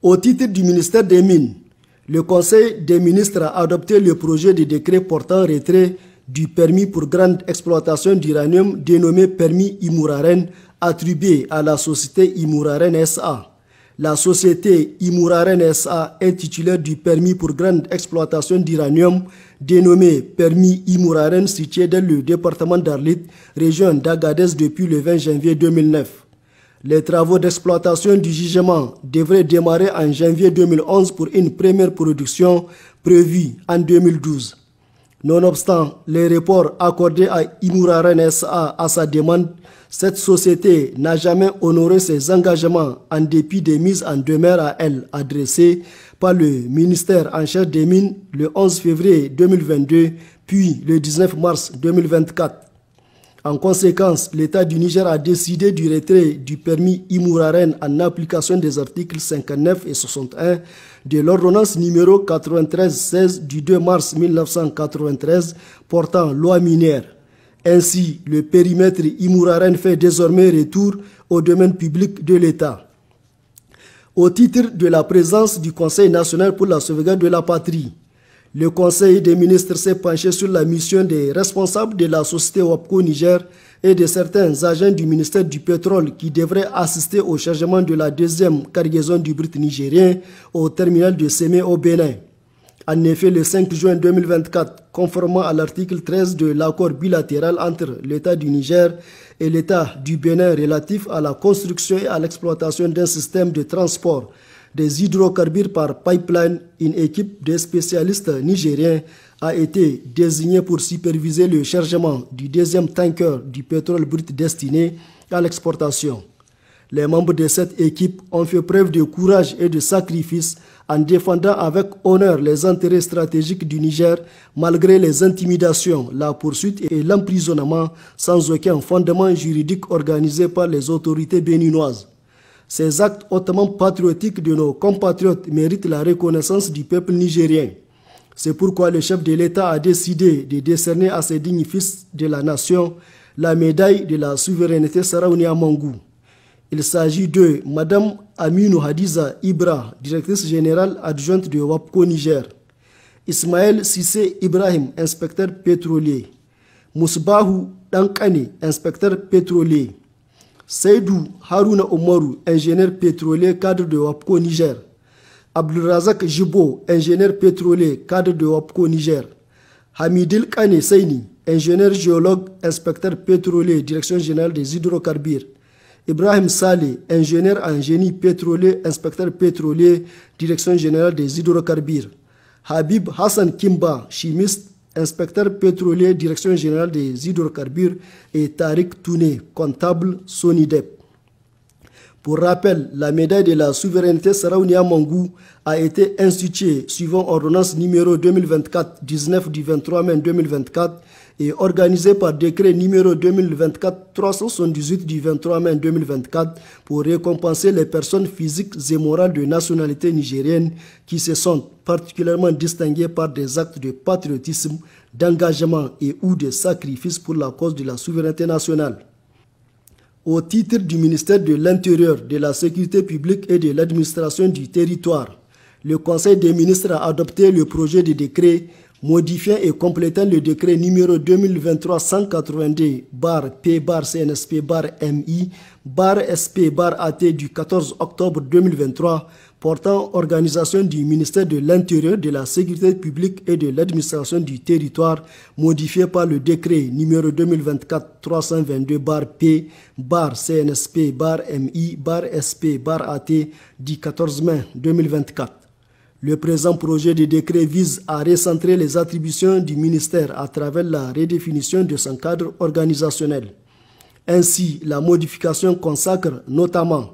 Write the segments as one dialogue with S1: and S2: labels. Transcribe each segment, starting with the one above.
S1: Au titre du ministère des Mines, le Conseil des ministres a adopté le projet de décret portant retrait du permis pour grande exploitation d'uranium dénommé permis Imouraren attribué à la société Imouraren SA. La société Imouraren SA est titulaire du permis pour grande exploitation d'uranium dénommé permis Imouraren situé dans le département d'Arlit, région d'Agadez depuis le 20 janvier 2009. Les travaux d'exploitation du jugement devraient démarrer en janvier 2011 pour une première production prévue en 2012. Nonobstant les reports accordés à Imura SA à sa demande, cette société n'a jamais honoré ses engagements en dépit des mises en demeure à elle adressées par le ministère en charge des Mines le 11 février 2022 puis le 19 mars 2024. En conséquence, l'État du Niger a décidé du retrait du permis Imouraren en application des articles 59 et 61 de l'ordonnance numéro 93-16 du 2 mars 1993 portant loi minière. Ainsi, le périmètre Imouraren fait désormais retour au domaine public de l'État. Au titre de la présence du Conseil national pour la sauvegarde de la patrie, le Conseil des ministres s'est penché sur la mission des responsables de la société WAPCO Niger et de certains agents du ministère du pétrole qui devraient assister au chargement de la deuxième cargaison du Brut nigérien au terminal de Sémé au Bénin. En effet, le 5 juin 2024, conformément à l'article 13 de l'accord bilatéral entre l'État du Niger et l'État du Bénin relatif à la construction et à l'exploitation d'un système de transport des hydrocarbures par pipeline, une équipe de spécialistes nigériens a été désignée pour superviser le chargement du deuxième tanker du pétrole brut destiné à l'exportation. Les membres de cette équipe ont fait preuve de courage et de sacrifice en défendant avec honneur les intérêts stratégiques du Niger malgré les intimidations, la poursuite et l'emprisonnement sans aucun fondement juridique organisé par les autorités béninoises. Ces actes hautement patriotiques de nos compatriotes méritent la reconnaissance du peuple nigérien. C'est pourquoi le chef de l'État a décidé de décerner à ses dignes fils de la nation la médaille de la souveraineté à Mangou. Il s'agit de Madame Aminou Hadiza Ibra, directrice générale adjointe de WAPCO Niger, Ismaël Sissé Ibrahim, inspecteur pétrolier, Mousbahou Dankani, inspecteur pétrolier, Seydou Haruna Omaru, ingénieur pétrolier cadre de WAPCO Niger. Abdulrazak Jibo, ingénieur pétrolier cadre de WAPCO Niger. Hamidil Kane Seini, ingénieur géologue, inspecteur pétrolier, direction générale des hydrocarbures. Ibrahim Saleh, ingénieur en génie pétrolier, inspecteur pétrolier, direction générale des hydrocarbures. Habib Hassan Kimba, chimiste inspecteur pétrolier, direction générale des hydrocarbures, et Tariq Touné, comptable Sonidep. Pour rappel, la médaille de la souveraineté Saraounia Mangou a été instituée suivant ordonnance numéro 2024-19 du 23 mai 2024 et organisée par décret numéro 2024-378 du 23 mai 2024 pour récompenser les personnes physiques et morales de nationalité nigérienne qui se sont particulièrement distinguées par des actes de patriotisme, d'engagement et ou de sacrifice pour la cause de la souveraineté nationale au titre du ministère de l'Intérieur, de la Sécurité publique et de l'administration du territoire. Le Conseil des ministres a adopté le projet de décret modifiant et complétant le décret numéro 2023-182 P CNSP MI SP AT du 14 octobre 2023 portant organisation du ministère de l'Intérieur, de la Sécurité publique et de l'administration du territoire, modifié par le décret numéro 2024-322 P, CNSP, bar MI, SP, AT du 14 mai 2024. Le présent projet de décret vise à recentrer les attributions du ministère à travers la redéfinition de son cadre organisationnel. Ainsi, la modification consacre notamment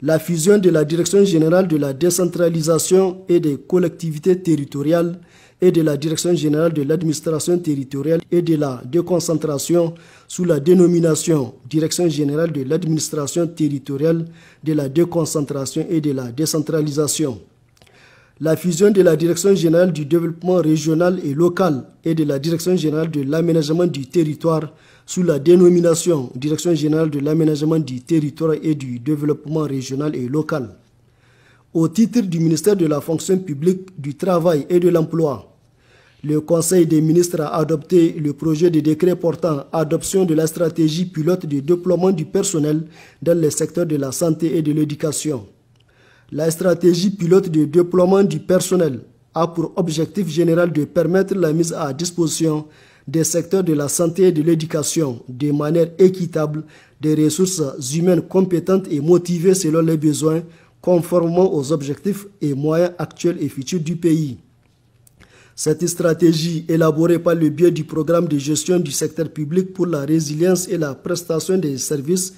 S1: la fusion de la Direction générale de la décentralisation et des collectivités territoriales et de la Direction générale de l'administration territoriale et de la déconcentration sous la dénomination Direction générale de l'administration territoriale, de la déconcentration et de la décentralisation la fusion de la Direction générale du développement régional et local et de la Direction générale de l'aménagement du territoire sous la dénomination Direction générale de l'aménagement du territoire et du développement régional et local au titre du ministère de la fonction publique, du travail et de l'emploi. Le Conseil des ministres a adopté le projet de décret portant adoption de la stratégie pilote de déploiement du personnel dans les secteurs de la santé et de l'éducation. La stratégie pilote de déploiement du personnel a pour objectif général de permettre la mise à disposition des secteurs de la santé et de l'éducation de manière équitable des ressources humaines compétentes et motivées selon les besoins, conformément aux objectifs et moyens actuels et futurs du pays. Cette stratégie, élaborée par le biais du programme de gestion du secteur public pour la résilience et la prestation des services,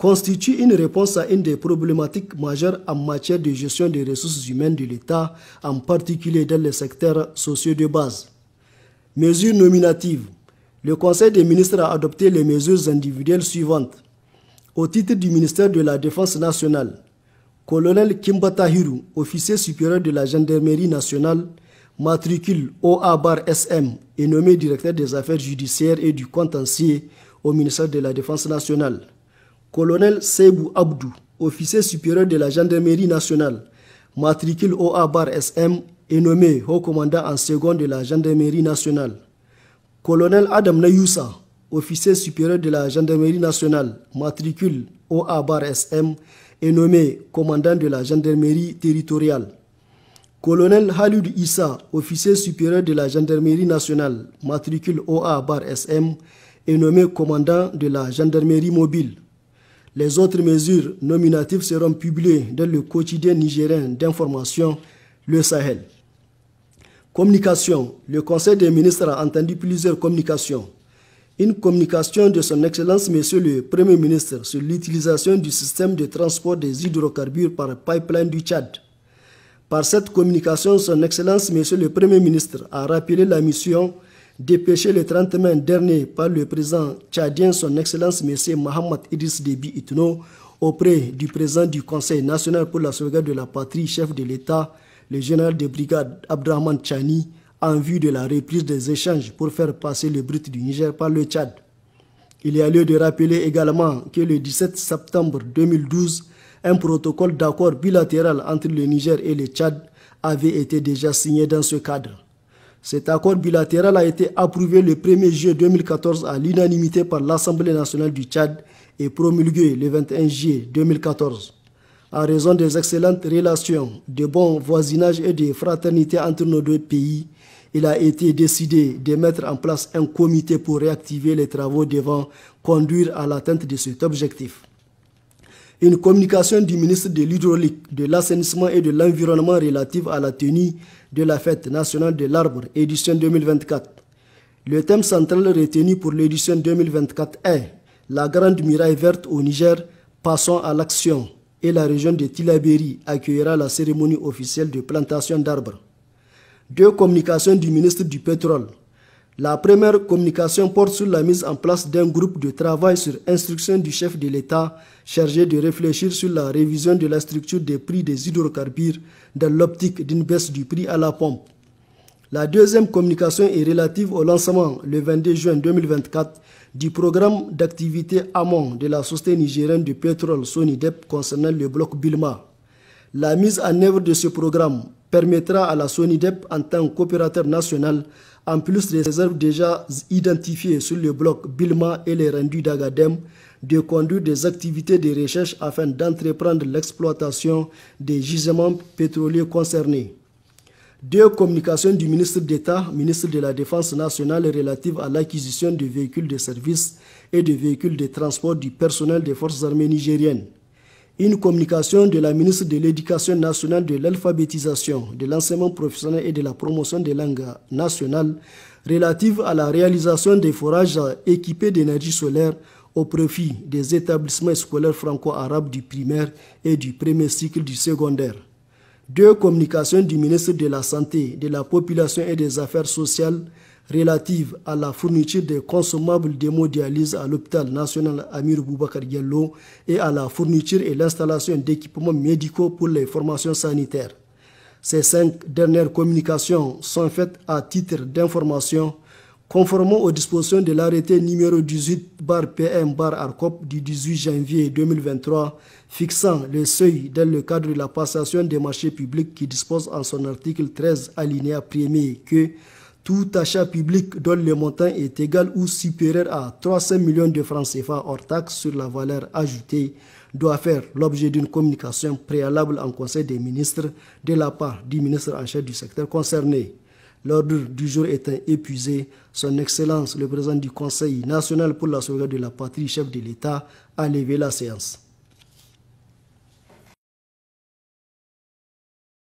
S1: constitue une réponse à une des problématiques majeures en matière de gestion des ressources humaines de l'État, en particulier dans les secteurs sociaux de base. Mesures nominatives. Le Conseil des ministres a adopté les mesures individuelles suivantes. Au titre du ministère de la Défense nationale, colonel Kimbatahiru, officier supérieur de la gendarmerie nationale, matricule OA-SM, et nommé directeur des affaires judiciaires et du contentieux au ministère de la Défense nationale colonel Seibou Abdou, officier supérieur de la gendarmerie nationale, matricule OA bar SM, est nommé haut commandant en second de la gendarmerie nationale. Colonel Adam Nayoussa, officier supérieur de la gendarmerie nationale, matricule OA bar SM, est nommé commandant de la gendarmerie territoriale. Colonel Halud Issa, officier supérieur de la gendarmerie nationale, matricule OA bar SM, est nommé commandant de la gendarmerie mobile. Les autres mesures nominatives seront publiées dans le quotidien nigérien d'information Le Sahel. Communication. Le Conseil des ministres a entendu plusieurs communications. Une communication de son Excellence Monsieur le Premier ministre sur l'utilisation du système de transport des hydrocarbures par pipeline du Tchad. Par cette communication, son Excellence Monsieur le Premier ministre a rappelé la mission dépêché le 30 mai dernier par le président tchadien son Excellence M. Mohamed Idriss Debi Itno auprès du président du Conseil national pour la sauvegarde de la patrie, chef de l'État, le général de brigade Abdrahman Chani, en vue de la reprise des échanges pour faire passer le brut du Niger par le Tchad. Il y a lieu de rappeler également que le 17 septembre 2012, un protocole d'accord bilatéral entre le Niger et le Tchad avait été déjà signé dans ce cadre. Cet accord bilatéral a été approuvé le 1er juillet 2014 à l'unanimité par l'Assemblée nationale du Tchad et promulgué le 21 juillet 2014. En raison des excellentes relations, de bons voisinages et de fraternité entre nos deux pays, il a été décidé de mettre en place un comité pour réactiver les travaux devant conduire à l'atteinte de cet objectif une communication du ministre de l'Hydraulique, de l'Assainissement et de l'Environnement relative à la tenue de la Fête nationale de l'arbre, édition 2024. Le thème central retenu pour l'édition 2024 est La Grande Muraille Verte au Niger, passons à l'action. Et la région de Tilaberi accueillera la cérémonie officielle de plantation d'arbres. Deux communications du ministre du Pétrole la première communication porte sur la mise en place d'un groupe de travail sur instruction du chef de l'État chargé de réfléchir sur la révision de la structure des prix des hydrocarbures dans l'optique d'une baisse du prix à la pompe. La deuxième communication est relative au lancement, le 22 juin 2024, du programme d'activité amont de la société nigérienne de pétrole Sonidep concernant le bloc Bilma. La mise en œuvre de ce programme permettra à la Sonidep, en tant qu'opérateur national, en plus des réserves déjà identifiées sur le bloc Bilma et les rendus d'Agadem, de conduire des activités de recherche afin d'entreprendre l'exploitation des gisements pétroliers concernés. Deux communications du ministre d'État, ministre de la Défense nationale relative à l'acquisition de véhicules de service et de véhicules de transport du personnel des forces armées nigériennes. Une communication de la ministre de l'Éducation nationale de l'alphabétisation, de l'enseignement professionnel et de la promotion des langues nationales relative à la réalisation des forages équipés d'énergie solaire au profit des établissements scolaires franco-arabes du primaire et du premier cycle du secondaire. Deux communications du ministre de la Santé, de la Population et des Affaires sociales relative à la fourniture des consommables d'hémodialyse à l'hôpital national Amir Boubacar Diallo et à la fourniture et l'installation d'équipements médicaux pour les formations sanitaires. Ces cinq dernières communications sont faites à titre d'information conformant aux dispositions de l'arrêté numéro 18 PM ARCOP du 18 janvier 2023 fixant le seuil dans le cadre de la passation des marchés publics qui dispose en son article 13 alinéa 1 que tout achat public dont le montant est égal ou supérieur à 300 millions de francs CFA hors taxe sur la valeur ajoutée doit faire l'objet d'une communication préalable en Conseil des ministres de la part du ministre en chef du secteur concerné. L'ordre du jour étant épuisé, Son Excellence, le président du Conseil national pour la sauvegarde de la patrie, chef de l'État, a levé la séance.